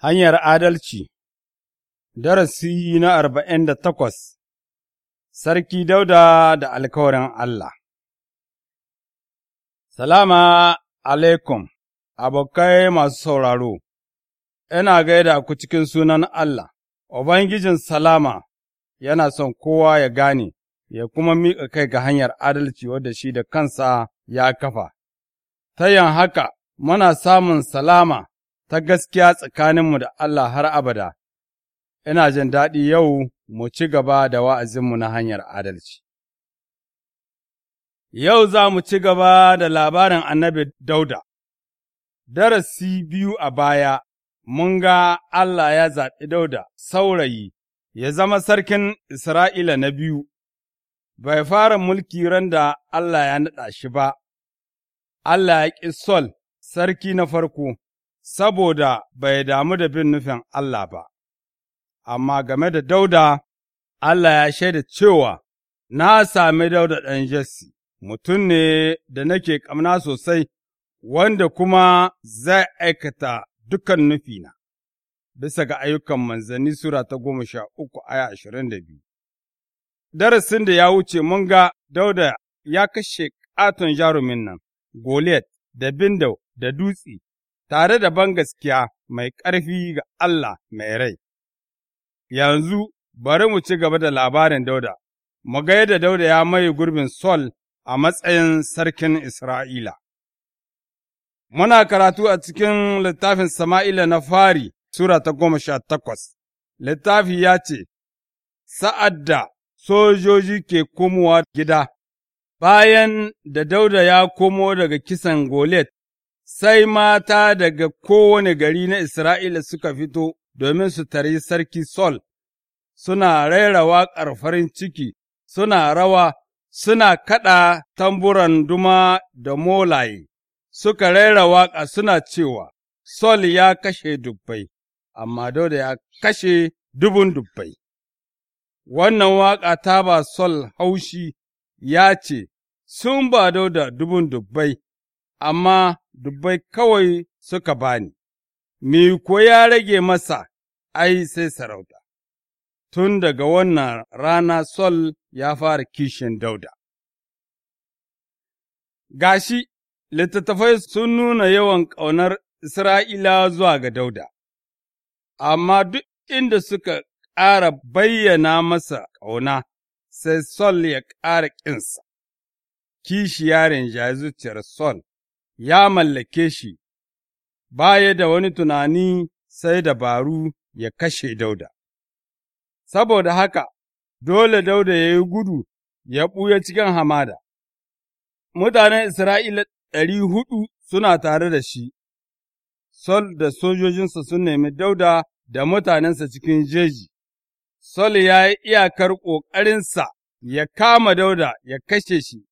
Hanyar Adalci Darasi na arba'in da takwas Sarki Dauda da Alkawarin Allah Salama alaikum, abokai masu sauraro, ina gaida ku cikin sunan Allah, Ubangijin Salama yana son kowa ya gane, ya kuma miƙa kai ga hanyar adalci wadda shi da kansa ya kafa, ta yin haka muna samun salama ta gaskiya tsakaninmu da Allah har abada, ina jin daɗi yau mu ci gaba da wa'azinmu na hanyar adalci. Yau za mu ci gaba da labarin annabi Dauda, darasi biyu a baya, mun ga Allah ya zaɓi Dauda saurayi ya zama sarkin Isra'ila na biyu, bai fara mulki ran da Allah ya naɗa shi ba, Allah ya ƙi Sol, sarki na farko. saboda bai damu da bin nufin Allah ba, amma game da Dauda, Allah ya shaida cewa, Na sami Dauda ɗan Jesse, mutum ne da nake ƙamna sosai, wanda kuma zai aikata dukan nufina, bisa ga ayyukan manzanni Sura ta goma sha uku aya ashirin da biyu. Darasin da ya wuce mun ga Dauda ya kashe ƙaton jarumin nan, Goliath da Bindau da Dutse tare da ban gaskiya mai ƙarfi ga Allah mai rai. Yanzu bari mu ci gaba da labarin Dauda, mu ga yadda Dauda ya maye gurbin Sol a matsayin sarkin Isra'ila. Muna karatu a cikin littafin Sama'ila na fari, Sura ta goma sha takwas, littafi ya ce, Sa'ad da sojoji ke komowa gida, bayan da Dauda ya komo daga kisan Golet sai mata daga kowane gari na Isra'ila suka fito domin su tari sarki Sol, suna raira waƙar farin ciki, suna rawa, suna kaɗa tamburan duma da molaye, suka raira waƙa suna cewa, Sol ya kashe dubbai, amma dole ya kashe dubun dubbai. Wannan waƙa ta ba Sol haushi ya ce, Sun ba da dubun dubbai, amma dubbai kawai suka bani, me ko ya rage masa, ai sai sarauta. Tun daga wannan rana Sol ya fara kishin Dauda. Gashi, littattafai sun nuna yawan ƙaunar Isra'ila zuwa ga Dauda, amma duk inda suka ƙara bayyana masa ƙauna, sai Sol ya ƙara ƙinsa, kishi yaren zuciyar Sol, ya mallake shi, baya da wani tunani sai dabaru ya kashe Dauda. Saboda haka, dole Dauda ya yi gudu ya ɓuya cikin hamada. Mutanen Isra'ila ɗari hudu suna tare da shi, Sol da sojojinsa sun nemi Dauda da mutanensa cikin jeji. Sol ya yi iyakar ƙoƙarinsa ya kama Dauda ya kashe shi,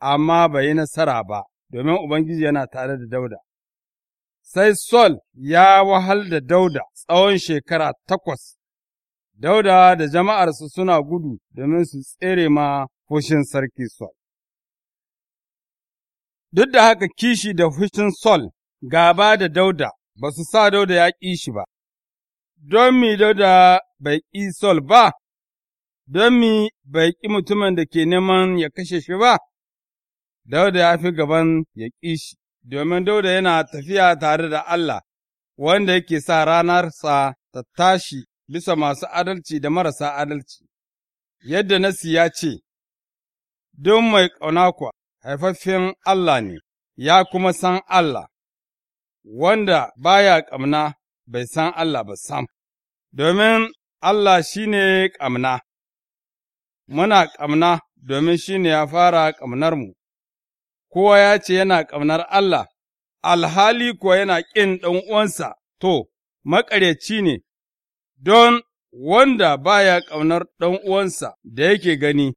amma bai yi nasara ba. domin Ubangiji yana tare da Dauda. Sai Sol ya wahal da Dauda tsawon shekara takwas, Dauda da jama'arsa suna gudu domin su tsere ma fushin sarki Sol. Duk da haka kishi da fushin Sol, gaba da Dauda, ba su sa Dauda ya ƙi shi ba, don mi Dauda bai ƙi Sol ba, don mi bai ƙi mutumin da ke neman ya kashe shi ba. Dauda ya fi gaban ya ƙi shi, domin Dauda yana tafiya tare da Allah, wanda yake sa ranarsa ta tashi bisa masu adalci da marasa adalci, yadda Nasi ya ce, Don mai ƙauna kuwa haifaffen Allah ne, ya kuma san Allah, wanda baya ƙamna bai san Allah ba sam, domin Allah shi ne ƙamna, muna ƙamna domin shi ne ya fara ƙamnarmu. kowa ya ce yana ƙaunar Allah, alhali kuwa yana ƙin uwansa to, maƙaryaci ne, don wanda ba ya ƙaunar ɗan'uwansa da yake gani,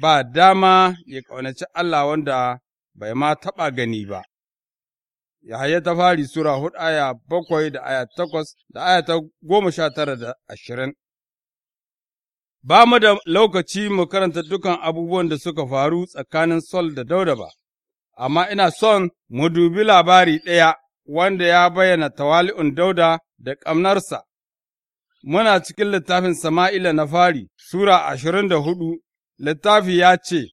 ba dama ya ƙaunaci Allah wanda bai ma taɓa gani ba. Yahaya ta fari Sura hudu aya bakwai da aya takwas da aya ta goma sha tara da ashirin. Ba mu da lokaci mu karanta dukan abubuwan da suka faru tsakanin Sol da Dauda ba, amma ina son mu dubi labari ɗaya wanda ya bayyana tawali'un dauda da ƙamnarsa. Muna cikin littafin Sama'ila na fari, Sura ashirin da hudu, littafi ya ce,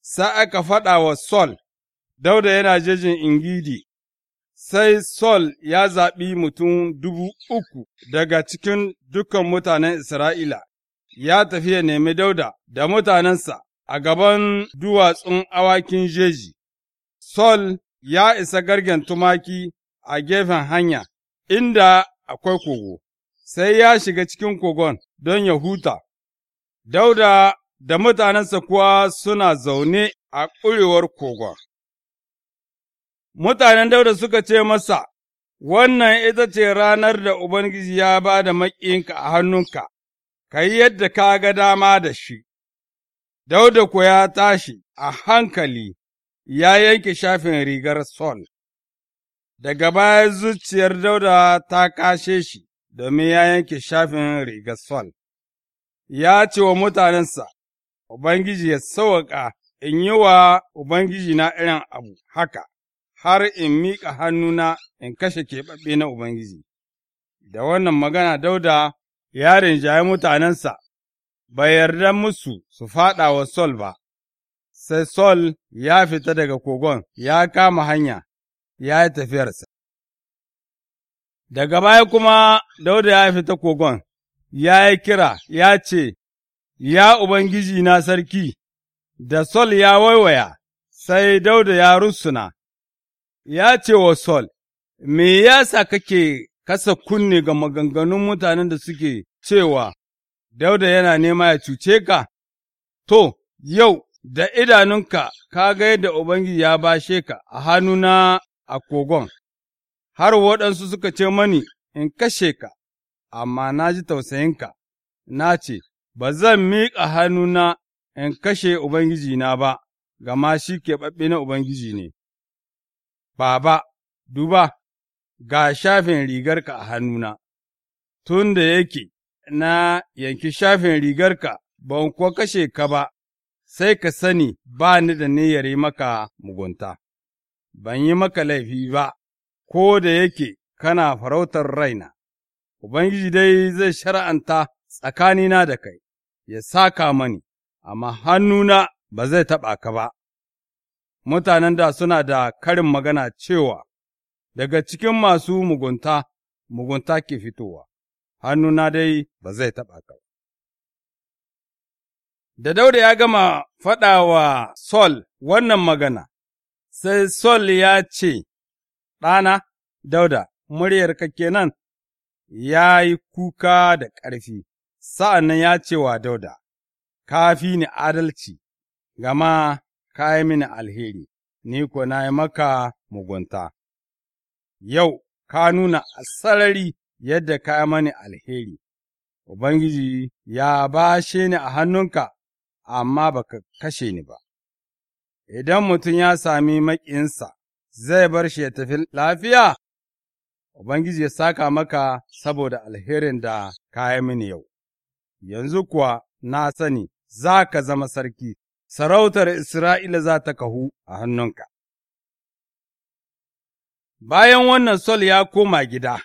Sai aka faɗa wa Sol, dauda yana jejin Ingidi, sai Sol ya zaɓi mutum dubu uku daga cikin dukan mutanen Isra'ila, ya tafi ya nemi dauda da mutanensa a gaban duwatsun awakin jeji. Sol ya isa gargen tumaki a gefen hanya, inda akwai kogo, sai ya shiga cikin kogon don ya huta. Dauda da mutanensa kuwa suna zaune a ƙurewar kogon. Mutanen Dauda suka ce masa, Wannan ita ce ranar da Ubangiji ya ba da maƙinka a hannunka, ka yi yadda ka ga dama da shi, Dauda kuwa ya tashi a hankali ya yanke shafin rigar Saul. Daga baya zuciyar Dauda ta kashe shi domin ya yanke shafin rigar Saul. Ya ce wa mutanensa, Ubangiji ya sawaƙa in yi wa Ubangiji na irin abu haka, har in miƙa hannuna in kashe keɓaɓɓe na Ubangiji. Da wannan magana Dauda ya rinjaye mutanensa, bai yarda musu su faɗa wa Sol ba. sai Sol ya fita daga kogon ya kama hanya, ya yi tafiyarsa. Daga baya kuma Dauda ya fita kogon, ya yi kira, ya ce, Ya Ubangiji na sarki, da Sol ya waiwaya, sai Dauda ya rusuna, ya ce wa Sol, Me ya yasa kake kasa kunne ga maganganun mutanen da suke cewa, Dauda yana nema ya cuce ka? To, yau da idanunka ka ga yadda Ubangiji ya bashe ka a hannuna a kogon, har waɗansu suka ce mani in kashe ka, amma na ji tausayinka, na ce, Ba zan miƙa hannuna in kashe Ubangiji na ba, gama shi keɓaɓɓe na Ubangiji ne. Baba, duba, ga shafin rigarka a hannuna, tun da yake na yanki shafin rigarka ban kuwa kashe ka ba, sai ka sani ba ni da niyyar yi maka mugunta, ban yi maka laifi ba, ko da yake kana farautar raina, Ubangiji dai zai shara'anta tsakanina da kai, ya saka mani, amma hannuna ba zai taɓa ka ba. Mutanen da suna da karin magana cewa, Daga cikin masu mugunta, mugunta ke fitowa, hannuna dai ba zai taɓa ka Da Dauda ya gama faɗa wa Sol wannan magana, sai Sol ya ce, Ɗana, Dauda, muryarka kenan, ya yi kuka da ƙarfi, sa'an nan ya ce wa Dauda, Ka fi ni adalci, gama ka yi mini alheri, ni ko na yi maka mugunta. Yau, ka nuna a sarari yadda ka yi mani alheri, Ubangiji ya bashe ni a hannunka. amma ba ka kashe ni ba. Idan mutum ya sami maƙinsa, zai bar shi ya tafi lafiya, Ubangiji ya saka maka saboda alherin da ka yi mini yau, yanzu kuwa na sani za ka zama sarki, sarautar Isra'ila za ta kahu a hannunka. Bayan wannan Sol ya koma gida,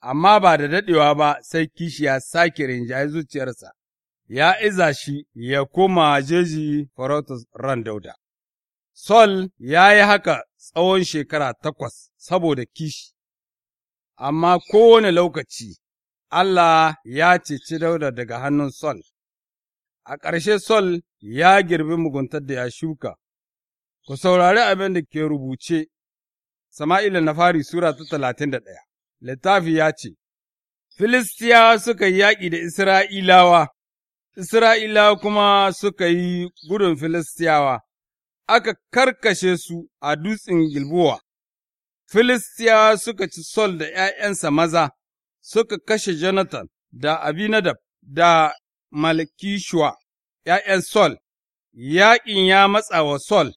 amma ba da daɗewa ba sai kishi ya sake rinjaye zuciyarsa, ya iza shi ya koma jeji farautar ran dauda. Sol ya yi haka tsawon shekara takwas saboda kishi, amma kowane lokaci Allah ya ceci dauda daga hannun Sol. A ƙarshe Sol ya girbi muguntar da ya shuka, ku saurari abin da ke rubuce, Sama'ila na fari Sura ta talatin da ɗaya, littafi ya ce, Filistiyawa suka yi yaƙi da Isra'ilawa, Isra'ilawa kuma suka yi gudun Filistiyawa, aka karkashe su a dutsen Gilbowa. Filistiyawa suka ci Sol da ’ya'yansa maza, suka kashe Jonathan da Abinadab da Malkishuwa, ’ya'yan Sol, yaƙin ya matsa wa Sol,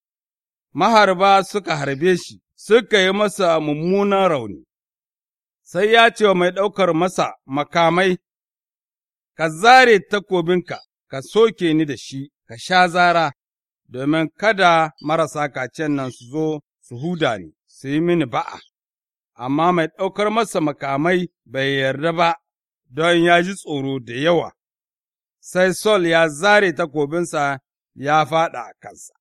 maharba suka harbe shi, suka yi masa mummunan rauni, sai ya ce wa mai ɗaukar masa makamai, ka zare takobinka, ka soke ni da shi, ka sha zara, domin kada marasa kacen nan su zo su huda ni, su yi mini ba'a, amma mai ɗaukar masa makamai bai yarda ba, don ya ji tsoro da yawa, sai Sol ya zare takobinsa ya faɗa a kansa.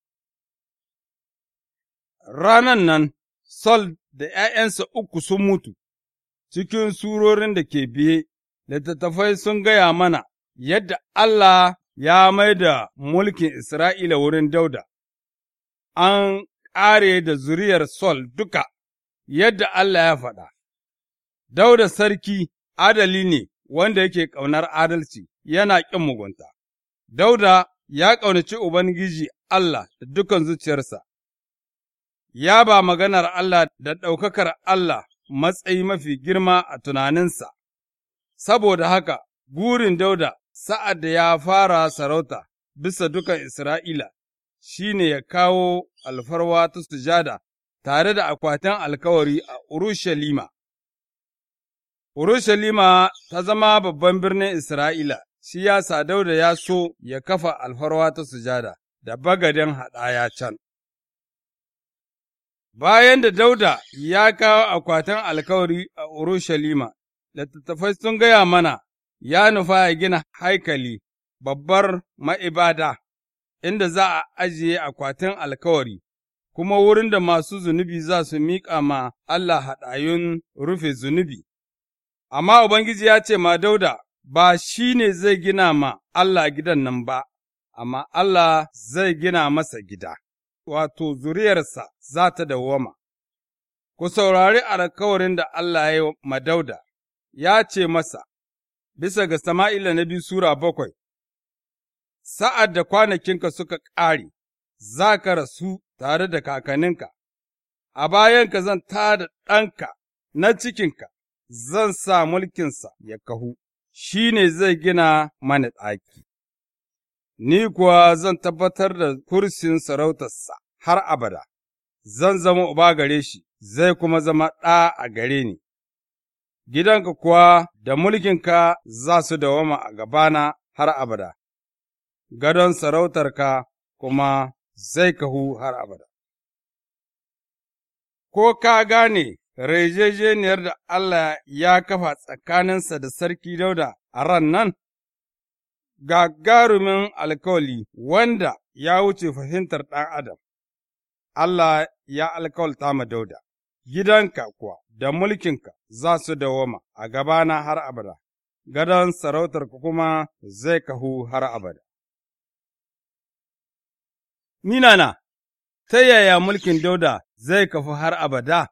Ranan nan, Sol da ’ya'yansa uku sun mutu, cikin surorin da ke biye littattafai sun gaya mana yadda Allah ya mai da mulkin Isra'ila wurin Dauda, an ƙare da zuriyar Sol duka, yadda Allah ya faɗa. Dauda sarki adali ne wanda yake ƙaunar adalci, yana ƙin mugunta. Dauda ya ƙaunaci Ubangiji Allah da dukan zuciyarsa, ya ba maganar Allah da ɗaukakar Allah matsayi mafi girma a tunaninsa. Saboda haka, burin Dauda sa'ad da ya fara sarauta bisa dukan Isra'ila shi ne ya kawo alfarwa ta sujada tare da akwatin alkawari a Urushalima. Urushalima ta zama babban birnin Isra'ila, shi ya sa Dauda ya so ya kafa alfarwa ta sujada da bagaden haɗaya can. Bayan da Dauda ya kawo akwatin alkawari a Urushalima, littattafai sun gaya mana, ya nufa ya gina haikali babbar ma'ibada, inda za a ajiye akwatin alkawari, kuma wurin da masu zunubi za su miƙa ma Allah haɗayun rufe zunubi. Amma Ubangiji ya ce ma Dauda, ba shi ne zai gina ma Allah gidan nan ba, amma Allah zai gina masa gida, wato zuriyarsa za ta dawwama. Ku saurari alkawarin da Allah ya yi ma Dauda. ya ce masa, bisa ga Sama'ila na biyu Sura bakwai, Sa'ad da kwanakinka suka ƙare, za ka rasu tare da kakanninka, a bayanka zan da ɗanka na cikinka, zan sa mulkinsa ya kahu, shi ne zai gina mana ɗaki. Ni kuwa zan tabbatar da kursin sarautarsa har abada, zan zama uba gare shi, zai kuma zama ɗa a gare ni. gidanka kuwa da mulkinka za su dawama a gabana har abada, gadon sarautarka kuma zai kahu har abada. Ko ka gane rejejeniyar da Allah ya kafa tsakaninsa da sarki dauda a ran nan? Gagarumin alkawali wanda ya wuce fahimtar ɗan Adam, Allah ya alkawalta ma dauda. gidanka kuwa da mulkinka za su dawoma a gabana har abada, gadon sarautarka kuma zai kahu har abada. Minana, ta yaya mulkin dauda zai kafu har abada,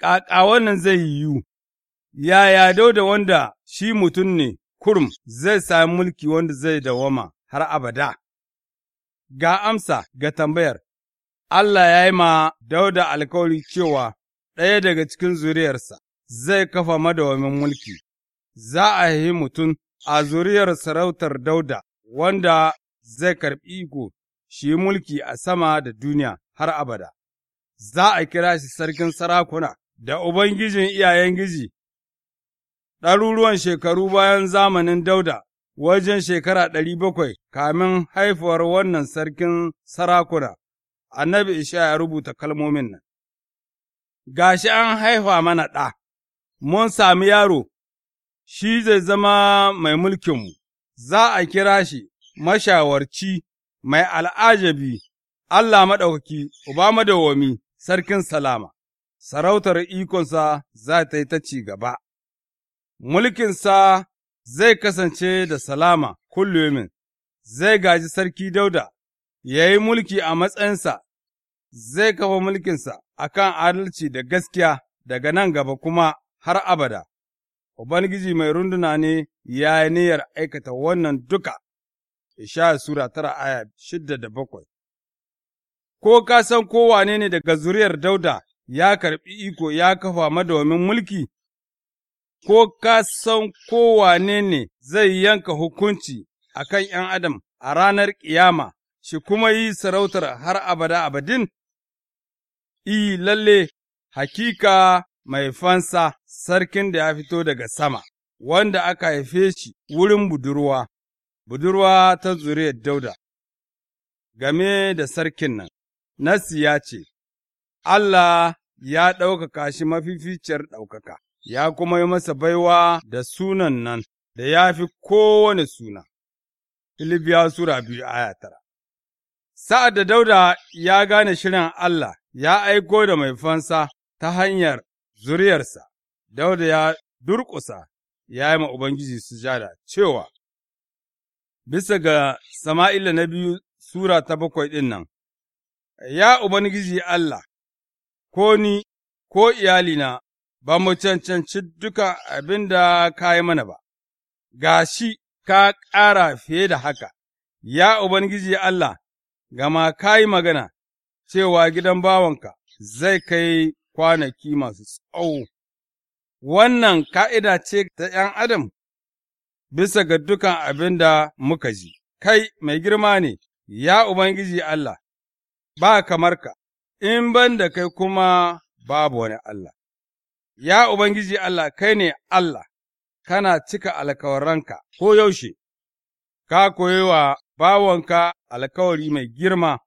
ƙaƙa wannan zai yiwu, yaya dauda wanda shi mutum ne kurum zai sami mulki wanda zai dawama har abada. Ga amsa ga tambayar, Allah ya yi ma dauda alkawari cewa ɗaya daga cikin zuriyarsa zai kafa madawamin mulki, za a yi mutum a zuriyar sarautar Dauda wanda zai karɓi iko shi mulki a sama da duniya har abada, za a kira shi sarkin sarakuna da Ubangijin iyayen giji. Ɗaruruwan shekaru bayan zamanin Dauda wajen shekara ɗari bakwai kamin haifuwar wannan sarkin sarakuna, annabi Isha ya rubuta kalmomin nan. Ga shi an haifa mana ɗa, mun sami yaro, shi zai zama mai mulkinmu, za a kira shi mashawarci, mai al'ajabi, Allah maɗaukaki, uba madawwami, sarkin salama, sarautar ikonsa za ta yi ta ci gaba, mulkinsa zai kasance da salama kullumin, zai gaji sarki dauda, ya yi mulki a matsayinsa, zai kafa mulkinsa a kan adalci da gaskiya daga nan gaba kuma har abada. Ubangiji mai runduna ne ya yi niyyar aikata wannan duka, Ishaya Sura tara aya shidda da bakwai. Ko ka san kowane ne daga zuriyar Dauda ya karɓi iko ya kafa madawamin mulki, ko ka san kowane ne zai yanka hukunci a kan ’yan Adam a ranar ƙiyama, shi kuma yi sarautar har abada abadin? I, lalle, hakika mai fansa sarkin da ya fito daga sama, wanda aka haife shi wurin budurwa, budurwa ta zuriyar dauda. Game da sarkin nan, Nasi ya ce, Allah ya ɗaukaka shi mafificiyar ɗaukaka, ya kuma yi masa baiwa da sunan nan da ya fi kowane suna. Filibiya Sura biyu aya tara Sa'ad da Dauda ya gane shirin Allah, ya aiko da mai fansa ta hanyar zuriyarsa, Dauda ya durƙusa ya yi ma Ubangiji sujada cewa, Bisa ga Sama'ila na biyu Sura ta bakwai ɗin nan, Ya Ubangiji Allah, ko ni, ko iyalina, ba mu cancanci duka abin da ka yi mana ba, ga shi ka ƙara fiye da haka, ya Ubangiji Allah, gama ka yi magana, cewa gidan bawanka zai kai kwanaki masu tsawo. Wannan ka'ida ce ta ’yan Adam, bisa ga dukan abin da muka ji, kai mai girma ne, ya Ubangiji Allah, ba kamar ka, in ban da kai kuma babu wani Allah. Ya Ubangiji Allah, kai ne Allah, kana cika alkawaranka ko yaushe, ka koyi wa bawanka alkawari mai girma.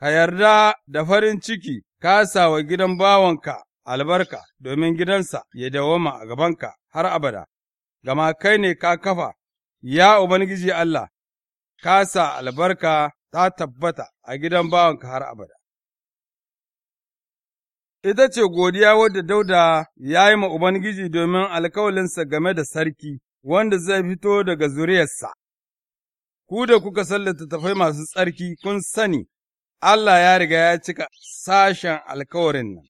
ka yarda da farin ciki ka sa wa gidan bawanka albarka domin gidansa ya dawoma a gabanka har abada, gama kai ne ka kafa, ya Ubangiji Allah, ka sa albarka ta tabbata a gidan bawanka har abada. Ita ce godiya wadda Dauda ya yi ma Ubangiji domin alkawalinsa game da sarki, wanda zai fito daga zuriyarsa. Ku da kuka sallata tafai masu tsarki kun sani Allah ya riga ya cika sashen alkawarin nan,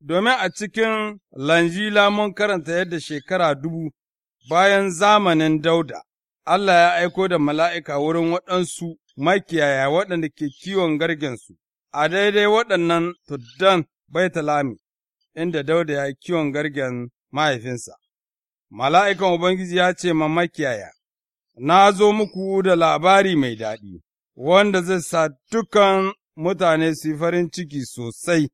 domin a cikin Lanjila mun karanta yadda shekara dubu bayan zamanin Dauda, Allah ya aiko da mala'ika wurin waɗansu makiyaya waɗanda ke kiwon gargensu a daidai waɗannan tuddan Baitalami, inda Dauda ya kiwon gargen mahaifinsa. Mala'ikan Ubangiji ya ce ma makiyaya, Na zo muku da labari mai daɗi. wanda zai sa dukan mutane su yi farin ciki sosai,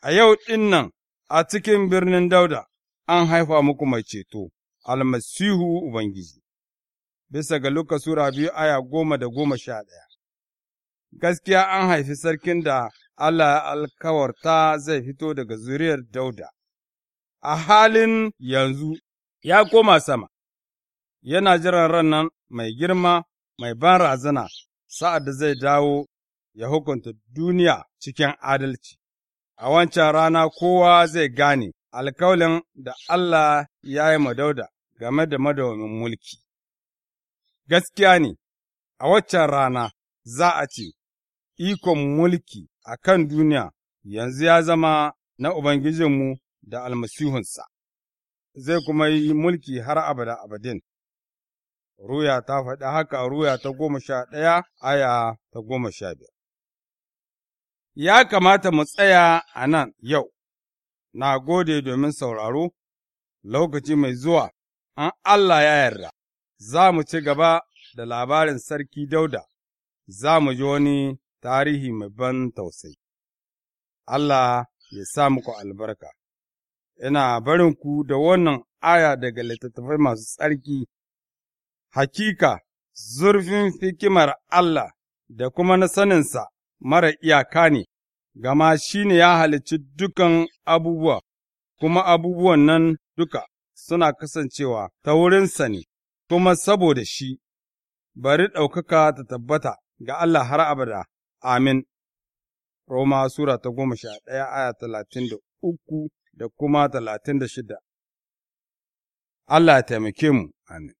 a yau ɗin a cikin birnin Dauda an haifa muku mai ceto, almasihu Ubangiji, bisa ga Luka Sura biyu aya goma da goma sha ɗaya. Gaskiya an haifi sarkin da Allah alkawarta zai fito daga zuriyar Dauda, a halin yanzu ya koma sama, yana jiran ran nan mai girma, mai ban razana, sa'ad da zai dawo ya hukunta duniya cikin adalci. A wancan rana kowa zai gane alkawalin da Allah ya yi madauda game da madawamin mulki. Gaskiya ne, a waccan rana za a ce, Ikon mulki a kan duniya yanzu ya zama na Ubangijinmu da almasihunsa, zai kuma yi mulki har abada abadin. Ruya ta faɗi haka Ruya ta goma sha ɗaya aya ta goma sha biyar. Ya kamata mu tsaya a nan yau, na gode domin sauraro, lokaci mai zuwa, an Allah ya yarda, za mu ci gaba da labarin Sarki Dauda, za mu ji wani tarihi mai ban tausayi. Allah ya sa muku albarka. Ina barinku da wannan aya daga littattafai masu tsarki hakika zurfin hikimar Allah da kuma na saninsa mara iyaka ne, gama shi ne ya halicci dukan abubuwa, kuma abubuwan nan duka suna kasancewa ta wurinsa ne, kuma saboda shi, bari ɗaukaka ta tabbata ga Allah har abada, amin. Roma Sura ta goma sha ɗaya aya talatin da uku da kuma talatin da shida. Allah ya taimake mu, amin.